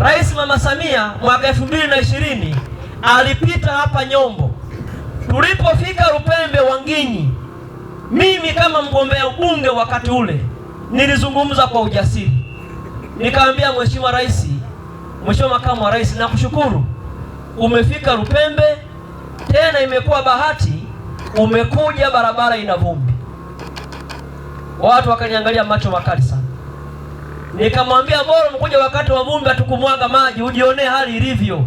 Rais Mama Samia mwaka 2020 alipita hapa Nyombo, tulipofika rupembe Wanginyi, mimi kama mgombea ubunge wakati ule nilizungumza kwa ujasiri, nikaambia Mheshimiwa Rais, Mheshimiwa Makamu wa Rais, nakushukuru umefika rupembe tena imekuwa bahati umekuja, barabara ina vumbi. Watu wakaniangalia macho makali sana. Nikamwambia bora mkuja wakati wa vumbi atukumwaga maji ujionee hali ilivyo.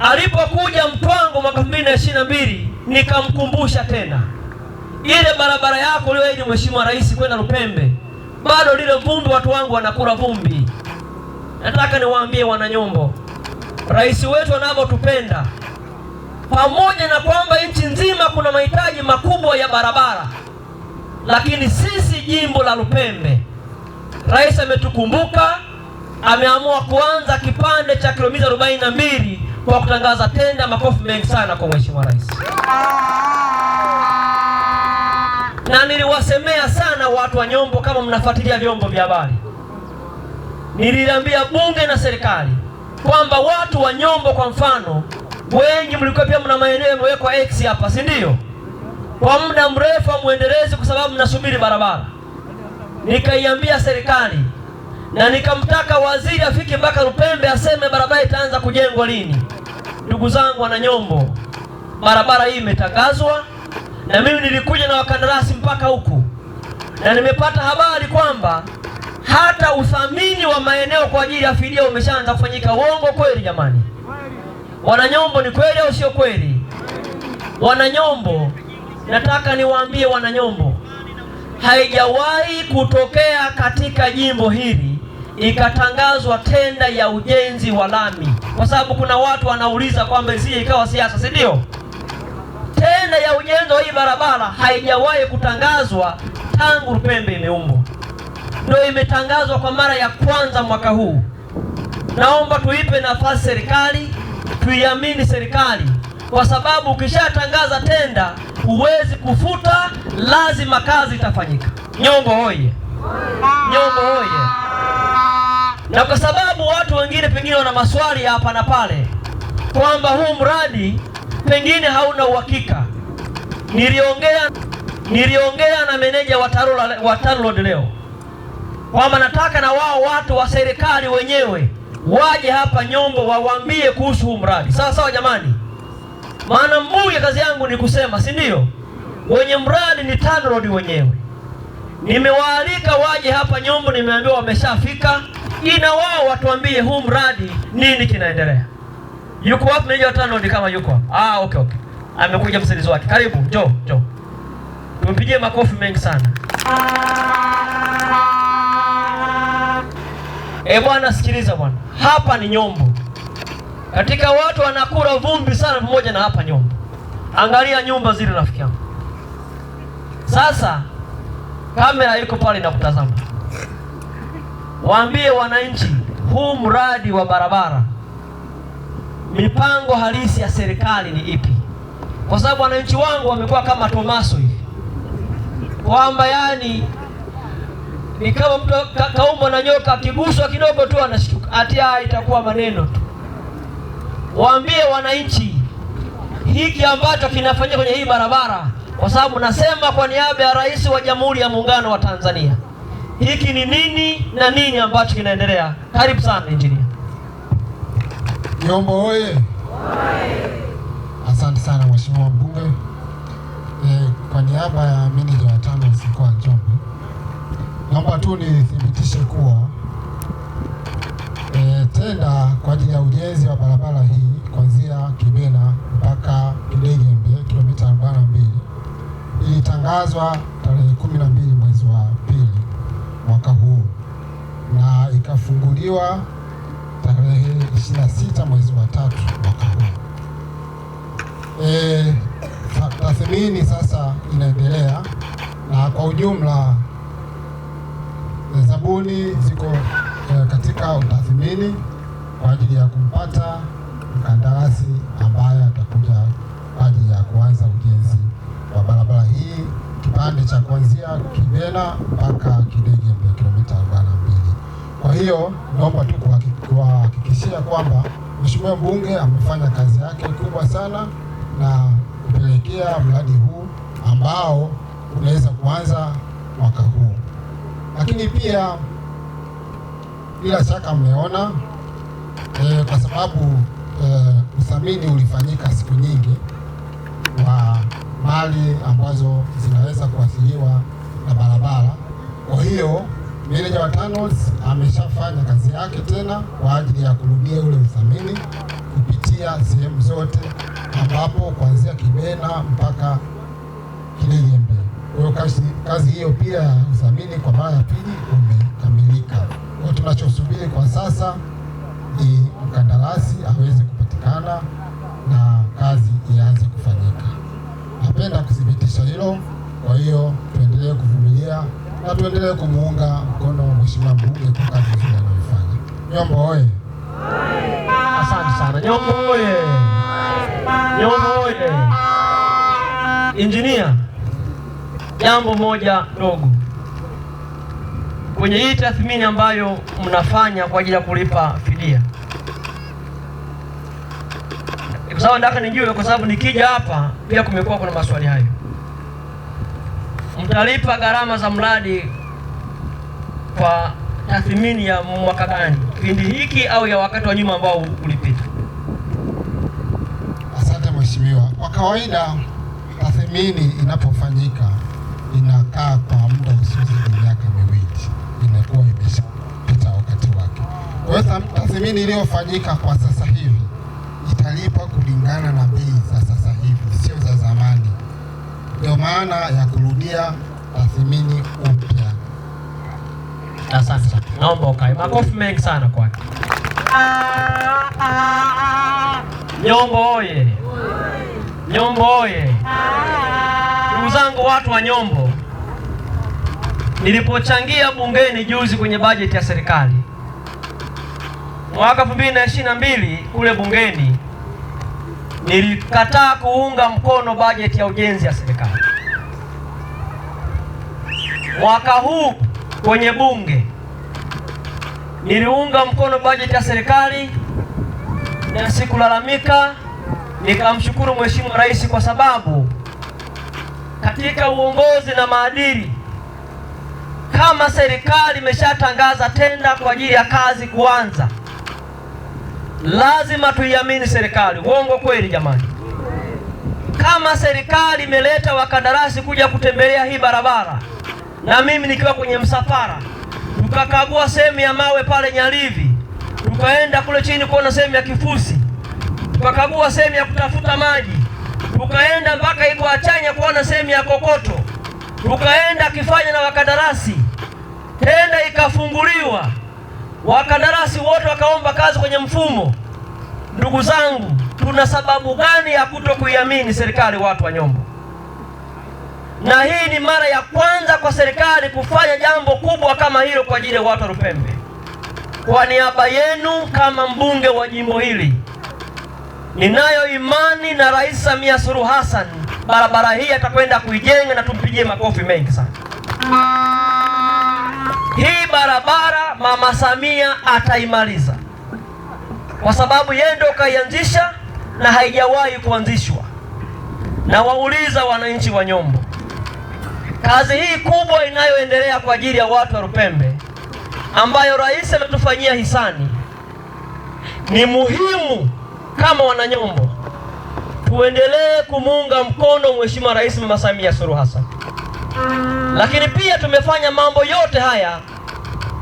Alipokuja Mtwango mwaka 2022 nikamkumbusha tena ile barabara yako uliyoahidi Mheshimiwa Rais kwenda Lupembe, bado lile vumbi, watu wangu wanakula vumbi. Nataka niwaambie Wananyombo, rais wetu anavyotupenda, pamoja na kwamba nchi nzima kuna mahitaji makubwa ya barabara, lakini sisi jimbo la Lupembe Rais ametukumbuka, ameamua kuanza kipande cha kilomita 42 kwa kutangaza tenda. Makofi mengi sana kwa mheshimiwa rais. Na niliwasemea sana watu wa Nyombo, kama mnafuatilia vyombo vya habari, niliambia bunge na serikali kwamba watu wa Nyombo kwa mfano, wengi mlikuwa pia mna maeneo yamewekwa X hapa, si ndio? Kwa muda mrefu muendelezi, kwa sababu mnasubiri barabara nikaiambia serikali na nikamtaka waziri afike mpaka Lupembe aseme barabara itaanza kujengwa lini. Ndugu zangu nyombo barabara hii imetangazwa na mimi nilikuja na wakandarasi mpaka huku, na nimepata habari kwamba hata uthamini wa maeneo kwa ajili ya fidia umeshaanza kufanyika. Uongo kweli? Jamani Wananyombo, ni kweli au sio kweli? Wananyombo, nataka niwaambie Wananyombo, haijawahi kutokea katika jimbo hili ikatangazwa tenda ya ujenzi wa lami, kwa sababu kuna watu wanauliza kwamba isije ikawa siasa, si ndio? Tenda ya ujenzi wa hii barabara haijawahi kutangazwa tangu Lupembe imeumbwa, ndio imetangazwa kwa mara ya kwanza mwaka huu. Naomba tuipe nafasi serikali, tuiamini serikali, kwa sababu ukishatangaza tenda huwezi kufuta, lazima kazi itafanyika. Nyongo hoye! Nyongo hoye! Na kwa sababu watu wengine pengine wana maswali hapa na pale kwamba huu mradi pengine hauna uhakika, niliongea niliongea na meneja wa TANROADS leo kwamba nataka na wao watu wa serikali wenyewe waje hapa Nyombo wawaambie kuhusu huu mradi. Sawa sawa, jamani maana mbuya kazi yangu ni kusema, si ndio? Wenye mradi ni TANROADS wenyewe. Nimewaalika waje hapa Nyombo, nimeambiwa wameshafika, ina wao watuambie huu mradi nini kinaendelea. Yuko wapi meneja wa TANROADS kama yuko hapa? Ah, okay, okay. Amekuja msaidizi wake. Karibu, njoo, njoo. Tumpigie makofi mengi sana. Eh, bwana sikiliza bwana. Hapa ni Nyombo katika watu wanakula vumbi sana pamoja na hapa nyumba. Angalia nyumba zile rafiki yangu. Sasa kamera iko pale inakutazama. Waambie wananchi huu mradi wa barabara, mipango halisi ya serikali ni ipi? Kwa sababu wananchi wangu wamekuwa kama Tomaso hivi kwamba yani ni kama mtu kaumbwa na nyoka, akiguswa kidogo tu anashtuka, ati ah, itakuwa maneno tu waambie wananchi hiki ambacho kinafanyika kwenye hii barabara, kwa sababu nasema kwa niaba ya Rais wa Jamhuri ya Muungano wa Tanzania, hiki ni nini na nini ambacho kinaendelea. Karibu sana injinia nyombo oye! Asante sana mheshimiwa mbunge. E, kwa niaba ya meneja wa TANROADS mkoa wa Njombe naomba tu ni ilitangazwa tarehe kumi na mbili mwezi wa pili mwaka huu na ikafunguliwa tarehe 26 mwezi wa tatu mwaka huu. E, tathmini sasa inaendelea na kwa ujumla e, zabuni ziko e, katika utathmini kwa ajili ya kumpata mkandarasi ambaye atakuja kwa ajili ya kuanza ujenzi wa barabara hii kipande cha kuanzia Kibena mpaka Kidegembwe kilomita 42. Kwa hiyo naomba tu kuhakikishia kwamba Mheshimiwa mbunge amefanya kazi yake kubwa sana na kupelekea mradi huu ambao unaweza kuanza mwaka huu, lakini pia bila shaka mmeona e, kwa sababu e, uthamini ulifanyika siku nyingi wa mali ambazo zinaweza kuathiriwa na barabara. Kwa hiyo meneja wa TANROADS ameshafanya kazi yake tena kwa ajili ya kurudia ule uthamini kupitia sehemu zote ambapo kuanzia Kibena mpaka Kilelembe. Kwa hiyo kazi hiyo pia ya uthamini kwa mara ya pili umekamilika. Kwa tunachosubiri kwa sasa ni mkandarasi aweze kupatikana na kazi ianze kufanyika napenda kuthibitisha hilo. Kwa hiyo tuendelee kuvumilia na tuendelee kumuunga mkono Mheshimiwa mbunge kwa kazi nzuri anayofanya. Nyombo oye! Asante sana Nyombo oye! Nyombo oye! Injinia, jambo moja dogo kwenye hii tathmini ambayo mnafanya kwa ajili ya kulipa fidia sababu nataka nijue, kwa sababu nikija hapa pia kumekuwa kuna maswali hayo. Mtalipa gharama za mradi kwa tathmini ya mwaka gani, kipindi hiki au ya wakati wa nyuma ambao ulipita? Asante mheshimiwa. Kwa kawaida tathmini inapofanyika inakaa kwa muda usiozidi miaka miwili, inakuwa imeshapita wakati wake. Kwa hiyo tathmini iliyofanyika kwa sasa hivi watalipa kulingana na bei za sasa hivi, sio za zamani. Ndio maana ya kurudia tathmini upya. Asante sana, naomba ukae. Makofi mengi sana kwake. Nyombo oye! Nyombo oye! Ndugu zangu, watu wa Nyombo, nilipochangia bungeni juzi kwenye bajeti ya serikali mwaka 2022 kule bungeni nilikataa kuunga mkono bajeti ya ujenzi ya serikali. Mwaka huu kwenye bunge niliunga mkono bajeti ya serikali na sikulalamika, nikamshukuru Mheshimiwa Rais kwa sababu katika uongozi na maadili, kama serikali imeshatangaza tenda kwa ajili ya kazi kuanza Lazima tuiamini serikali. Uongo kweli jamani? Kama serikali imeleta wakandarasi kuja kutembelea hii barabara na mimi nikiwa kwenye msafara, tukakagua sehemu ya mawe pale Nyalivi, tukaenda kule chini kuona sehemu ya kifusi, tukakagua sehemu ya kutafuta maji, tukaenda mpaka Igwachanya kuona sehemu ya kokoto, tukaenda kifanya na wakandarasi, tenda ikafunguliwa Wakandarasi wote wakaomba kazi kwenye mfumo. Ndugu zangu, tuna sababu gani ya kuto kuiamini serikali, watu wa Nyombo? Na hii ni mara ya kwanza kwa serikali kufanya jambo kubwa kama hilo kwa ajili ya watu wa Lupembe. Kwa niaba yenu kama mbunge wa jimbo hili, ninayo imani na Rais Samia Suluhu Hassan, barabara hii atakwenda kuijenga na tumpigie makofi mengi sana. Hii barabara Mama Samia ataimaliza kwa sababu yeye ndio kaianzisha na haijawahi kuanzishwa. Na wauliza wananchi wa Nyombo, kazi hii kubwa inayoendelea kwa ajili ya watu wa rupembe ambayo rais ametufanyia hisani ni muhimu. Kama wananyombo, tuendelee kumuunga mkono Mheshimiwa Rais Mama Samia Suluhu Hassan. Lakini pia tumefanya mambo yote haya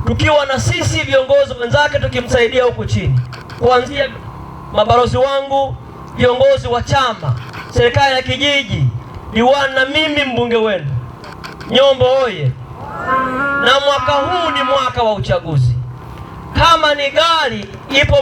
tukiwa na sisi viongozi wenzake tukimsaidia huku chini, kuanzia mabalozi wangu, viongozi wa chama, serikali ya kijiji, diwani na mimi mbunge wenu Nyombo oye! Na mwaka huu ni mwaka wa uchaguzi. Kama ni gari ipo